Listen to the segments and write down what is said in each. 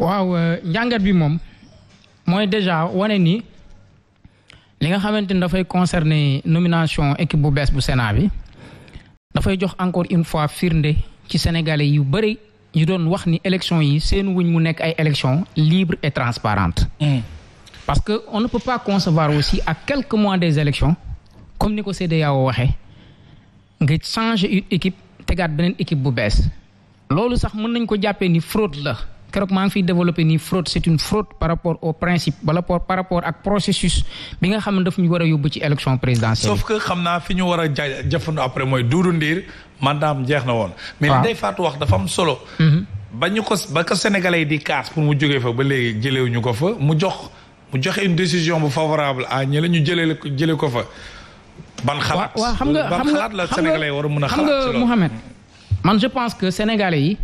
waaw euh, njàngat bi moom mooy déjà wane ni li nga xamante ni dafay concerner nomination équipe bu bees bu Sénat bi dafay jox encore une fois firnde ci sénégalais yu bëri yu doon wax ni élection yi seen wuñ mu nekk ay élection libre et transparente hmm. parce que on ne peut pas concevoir aussi à quelques mois des élections comme ni ko CEDEAO waxee nga changer une équipe tegaat beneen équipe bu bees loolu sax mën nañ ko jàppee ni fraude la keroog maa ngi fiy développé nii fraude c'est une fraude par rapport au principe wala par rapport ak processus bi nga xam ne daf ñu war a yóbbu ci élection présidentielle. sauf que xam naa fi ñu war a ja jëfandu après mooy Doudou Ndir mandaam jeex na woon. mais li day faatu wax dafa am solo. Mhm. ba ñu ko ba ko sénégalais di kaas pour mu jógee fa ba léegi jëlewuñu ko fa mu jox mu joxe une décision bu favorable à ñi la ñu jëlee jëlee ko fa. ban xalaat waaw xam nga xam nga ban xalaat la sénégalais war a mën a xalaat ci loolu. Mouhamed man je pense que sénégalais yi.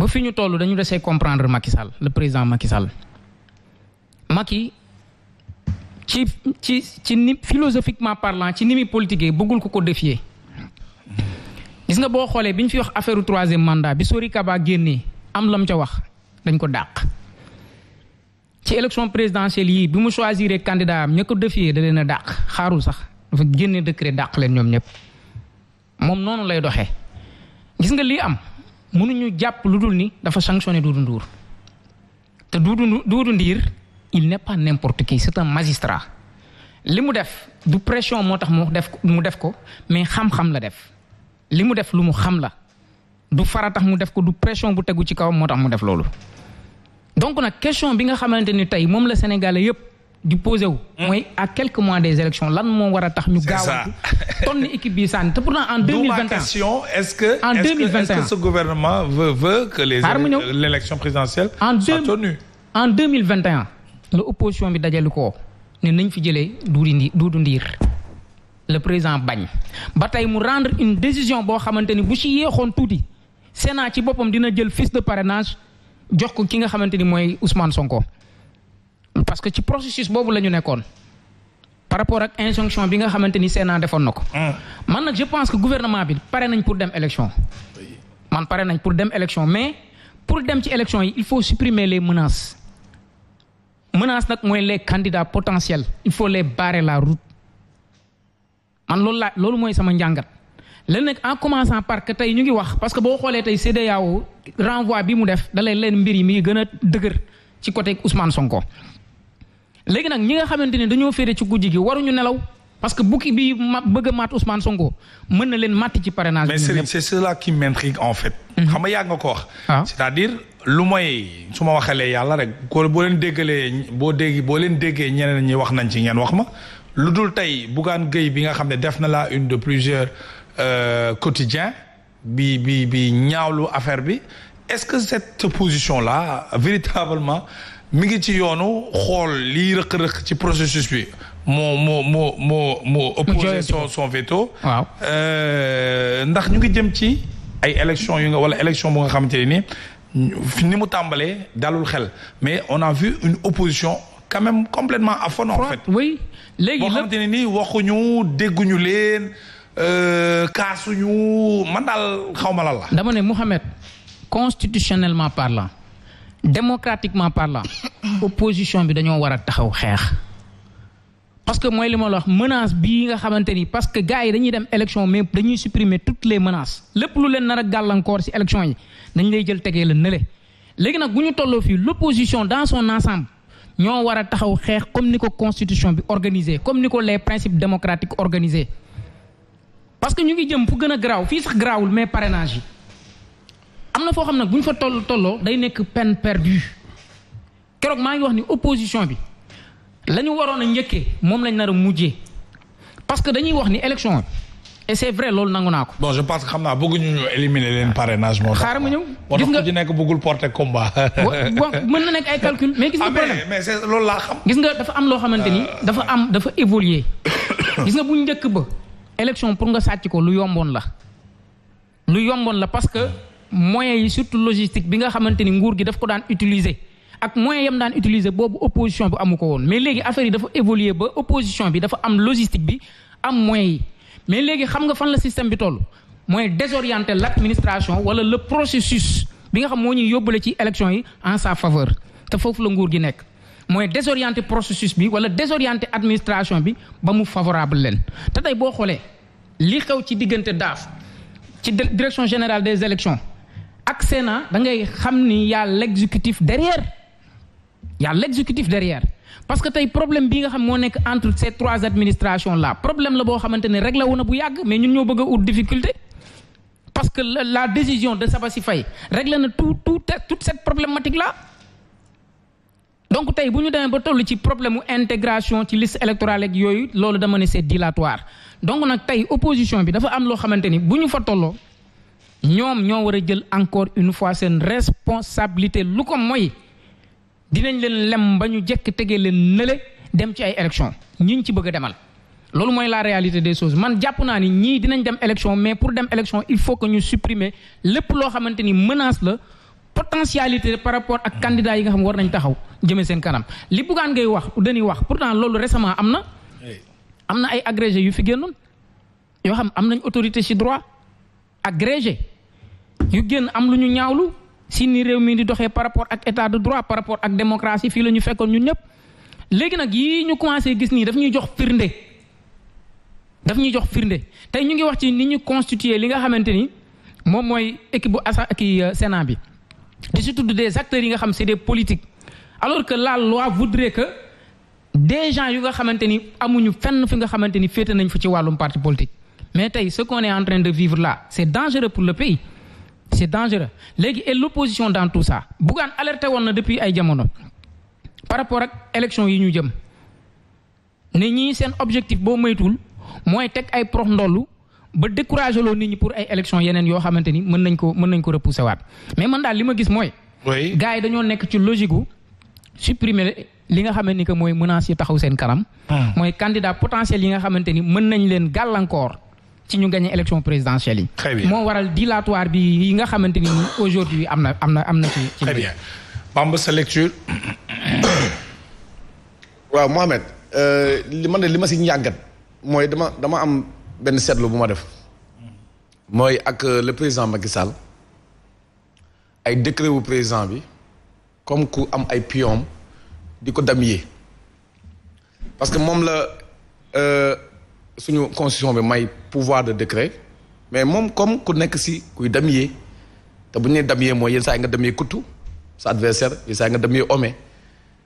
ba fi ñu toll dañu desee comprendre Macky Sall le président Macky Sall Macky ci ci ci ni philosophiquement parlant ci ni muy politiqué bëggul ko ko défier gis nga boo xoolee bi ñu fi wax affaire troisième mandat bi Sori Kaba génnee am lam ca wax dañ ko dàq ci élection présidentielle yi bi mu choisir candidat am ña ko défier da leen a dàq xaarul sax dafa génne décret dàq leen ñoom ñëpp moom noonu lay doxee gis nga lii am mënuñu jàpp lu dul ni dafa sanctionné Doudou Ndour te Doudou Ndour il n'est pas n'importe qui c'est un magistrat li mu def du pression moo tax mu def mu def ko mais xam-xam la def li mu def lu mu xam la du fara tax mu def ko du pression bu tegu ci kaw moo tax mu def loolu donc nag question bi nga xamante ni tey moom la sénégalais yépp di posé wu. Hmm. à quelques mois des élections là nous on tax ñu. gaaw ton équipe bi sànni te pourtant en 2021. mille vingt question est ce que. en est ce que ce gouvernement veut veut que les. l'élection présidentielle. en soit tenue en 2021, l'opposition bi dajale ko ne nañ fi jëlee Doudou Ndir Ndir le président bagn ba tey mu rendre une décision bo xamante bu ci yéxon touti Sénat ci boppam dina jël fils de parrainage jox ko ki nga xamante moy Ousmane Sonko parce que ci processus boobu la ñu nekkoon par rapport ak injonction bi nga xamante ni Sénat defoon na ko. Hmm. man nag je pense que gouvernement bi pare nañ pour dem élection. man pare nañ pour dem élection mais pour dem ci élection yi il faut supprimer les menaces menaces nag mooy les candidats potentiels il faut les barrer la route man loolu laa loolu mooy sama njàngat. léegi nag en commençant par que tey ñu ngi wax parce que boo xoolee tey CDAO renvoi bi mu def dalay leen mbir yi mi ngi gën a dëgër ci côté Ousmane Sonko léegi nag ñi nga xamante ni dañoo féere ci guddi gi waruñu nelaw parce que bukki bi ma bëgg a maat Ousmane Sonko mën na leen màtt ci parrainage. mais Serigne c'est cela qui m'intrigue en fait. Mhm. xam nga yàgg nga ko wax. Ah. c'est-à-dire lu mooy su ma waxalee yàlla rek ko boo leen déggalee boo dégg boo leen déggee ñeneen ñi wax nañ ci ngeen wax ma lu dul tey Bougane Gueye bi nga xam ne def na la une de plusieurs euh, quotidiens bi bi bi ñaawlu affaire bi est-ce que cette position là véritablement mi ngi ci yoonu xool lii rëq-rëq ci processus bi moo moo moo moo moo opposé son son veto waaw euh, ndax ñu ngi jëm ci ay élection yu nga wala élection bu nga xamante ni ni mu tàmbalee dalul xel mais on a vu une opposition quand même complètement fond en fait oui léegi boo xamante ne ni waxuñu dégguñu leen euh, kaasuñu man daal xaw ma la dama ne Mouhamed constitutionnellement parlant démocratiquement parlant opposition bi dañoo war a taxaw xeex parce que mooy li ma wax menace bi nga xamante parce que gars yi dañuy dem élection mais dañuy supprimer toutes les menaces lépp lu leen nar a gàllankoor ci élection yi dañ lay jël tegee la nële léegi nag bu ñu tolloo fii l'opposition dans son ensemble ñoo war a taxaw xeex comme ni ko constitution bi organisé comme ni les principes démocratiques organisé parce que ñu ngi jëm fu gën a garaaw fii sax garaawul mais parrainage yi am na foo xam nag buñ fa toll tolloo day nekk peine perdue keroog maa ngi wax ni opposition bi la ñu waroon a njëkkee moom lañ nar a mujjee parce que dañuy wax ni élection et c' est vrai loolu nangu naa ko. bon je pense que xam naa bëgguñu ñu éliminer leen parrainage moo. xaaral ma ñëw gis nga ci nekk bëggul porter combat. mën na nekk ay calcul mais gis nga ah, problème mais c'est loolu laa xam. gis nga dafa am loo xamante ni euh. dafa am dafa évoluer gis nga bu njëkk ba élection pour nga sàcc ko lu yomboon la lu yomboon la parce que moyens yi surtout logistique bi nga xamante ni nguur gi daf ko daan utiliser ak moyens yam daan utiliser boobu opposition bi amu ko woon mais léegi affaire yi dafa évoluer ba opposition bi dafa am logistique bi am moyens yi mais léegi xam nga fan la système bi toll mooy désorienter l'administration wala le processus bi nga xam moo ñuy yóbbale ci élection yi en sa faveur te foofu la nguur gi nekk mooy désorienter processus bi wala désorienter administration bi ba mu favorable leen te tey boo xoolee li xew ci diggante daaf ci direction générale des élections ak na da ngay y a l'exécutif derrière Il y a l'exécutif derrière parce que tey problème un nga xam entre ces trois administrations là problème la boo xamante ne réglé wu na bu mais ñun ñoo bëgg a ut difficulté parce que la, décision de Sabassi Faye na tout toute cette problématique là donc si bu ñu demee ba toll ci problème intégration ci liste électorale ak yooyu loolu dama ne c'est dilatoire donc nag tey opposition bi dafa am loo xamante ni nous avons encore une fois une responsabilité lu ko dinañ leen lem ba jekk tege leen la réalité des choses man ni élection mais pour dem élection il faut que ñu supprimer lépp loo menace la potentialité par rapport ak candidat yi nga xam war nañ taxaw kanam li ngay wax pourtant récemment autorité ci droit agrégé yu génn am lu ñaawlu si ni mi di par rapport à état de droit par rapport ak démocratie fii la ñu ñun ñëpp léegi nag yii ñu commencé gis daf jox daf jox ñu ngi wax ci constituer li nga équipe bu euh, Sénat bi surtout des acteurs des politiques alors que la loi voudrait que des gens yu nga amuñu fenn fi nga nañ ci parti politique mais ce qu'on est en train de vivre là c'est dangereux pour le pays c'est dangereux Légui et l'opposition dans tout ça bougan alerté on depuis ay jamono par rapport à élection yi ñu jëm ne ñi seen objectif bo moytuwul tout tek ay prox ndollu ba décourager lo nit ñi pour ay élection yenen yo xamanteni ni mën nañ ko mën nañ ko repousser mais man dal moi gis moy gars gaay nekk ci logique ou supprimer li nga xamanteni que moy menace yi taxaw seen kanam ah. Moy candidat potentiel yi nga xamanteni mën nañ leen ci ñu gagné élection présidentielle yi. moo waral dilatoire bi yi nga xamante ni aujourd'hui am na am na am na ci. ci très bien Bamba sa lecture. waaw Mohamed euh, li man de li ma si ñàggat mooy dama dama am benn seetlu bu ma def mooy ak euh, le président Macky Sall ay décret wu président bi comme ku am ay pion di ko damier parce que moom la. Euh, suñu constitution bi may pouvoir de décret mais moom comme ku nekk si kuy damier te bu ñu nee damier mooy yenn saa nga damier kuttu sa adversaire yenn saa nga damier homme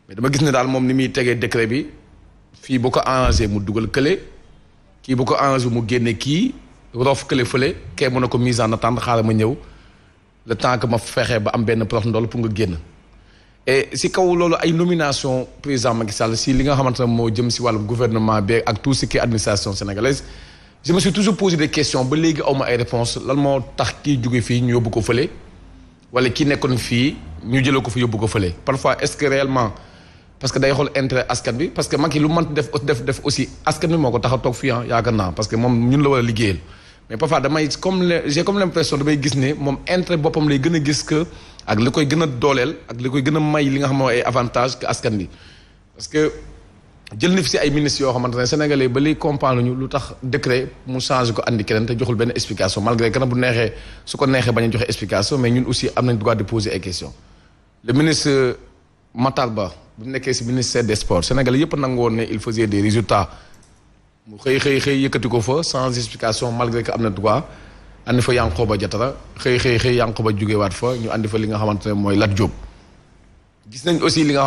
mais dama gis ne daal moom ni muy tegee décret bi fii bu ko arrangé mu dugal kële kii bu ko arrangé mu génne kii roof kële fële kee mën na ko mise en attente xaaral ma ñëw le temps que ma fexe ba am benn prof ndol pour nga génn. et eh, si kaw loolu ay nomination président Macky Sall si li nga xamante mo jëm ci wàllum gouvernement bi ak tout ce qui administration sénégalaise je me suis toujours posé des questions ba au awma ay réponse lan mo tax ki jóge fi ñu yóbbu ko feulé wala ki nekkone fi ñu jël ko fi yóbbu ko feulé parfois est-ce que réellement parce que day xol intérêt askan bi parce que Macky lu mën def def def aussi askan bi moko ko tax a toog fii ah, parce que mom ñun la war a liggéeyal mais parfois damay comme j'ai comme l'impression damay gis ne mom intérêt bopam lay gëna a gis que ak li koy gën a dooleel ak li koy gën a may li nga xam ay avantage que askan bi parce que jël na fi si ay ministres yoo xamante ne sénégalais ba li comprendre ñu lu tax décret mu change ko andi keneen te joxul benn explication malgré que n'a bu neexee su ko neexee bañ a joxe explication mais ñun aussi am nañ droit de poser ay questions. le ministre Matalba bu nekkee si ministère des sports sénégalais yëpp nangu woon ne il faisait des résultats mu xëy xëy xëy yëkkati ko fa sans explication malgré que am na droit. andi fa Yankoba Jatara xëy xëy xëy Yankoba jógewaat fa ñu andi fa li nga xamante ne mooy Lat Diop gis nañ aussi li nga